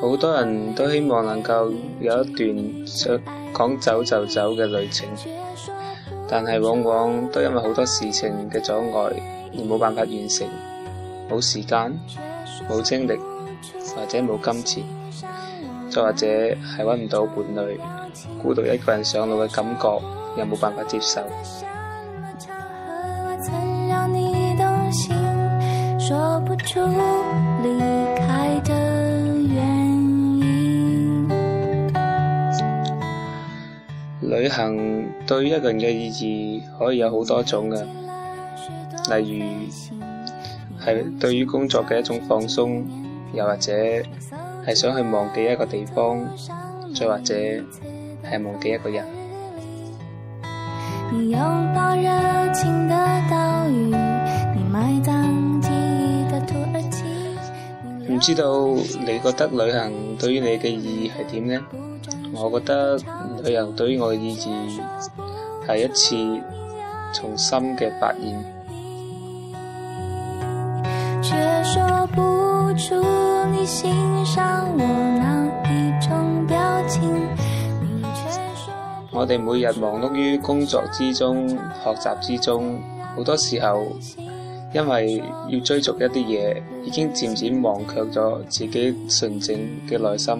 好多人都希望能夠有一段想講走就走嘅旅程，但係往往都因為好多事情嘅阻礙而冇辦法完成，冇時間、冇精力或者冇金錢，再或者係搵唔到伴侶，孤獨一個人上路嘅感覺又冇辦法接受。曾讓你動心說不出離開的原因。旅行對於一個人嘅意義可以有好多種嘅，例如係對於工作嘅一種放鬆，又或者係想去忘記一個地方，再或者係忘記一個人。唔知道你覺得旅行對於你嘅意義係點呢？我覺得旅行對於我嘅意義係一次重新嘅發現。我哋每日忙碌於工作之中、學習之中，好多時候因為要追逐一啲嘢，已經漸漸忘卻咗自己純淨嘅內心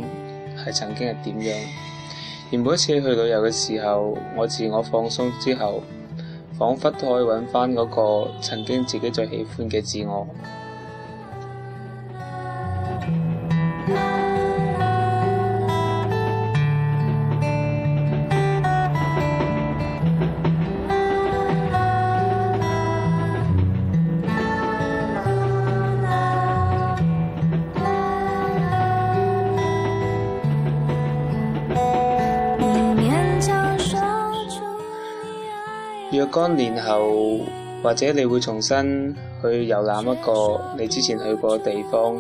係曾經係點樣。而每一次去旅遊嘅時候，我自我放鬆之後，仿佛都可以揾翻嗰個曾經自己最喜歡嘅自我。若干年後，或者你會重新去遊覽一個你之前去過嘅地方，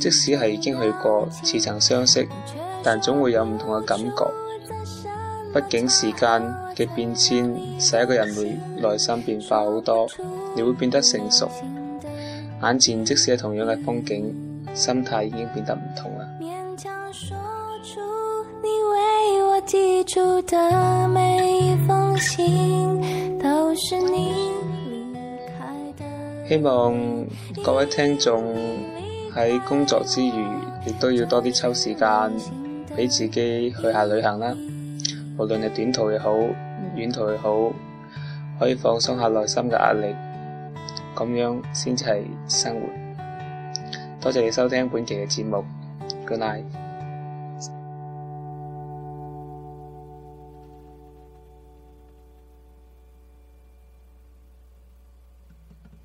即使係已經去過似曾相識，但總會有唔同嘅感覺。畢竟時間嘅變遷使一個人內心變化好多，你會變得成熟。眼前即使係同樣嘅風景，心態已經變得唔同啦。希望各位聽眾喺工作之餘，亦都要多啲抽時間俾自己去下旅行啦。無論你短途也好，遠途也好，可以放鬆下內心嘅壓力，咁樣先至係生活。多謝你收聽本期嘅節目，Good night。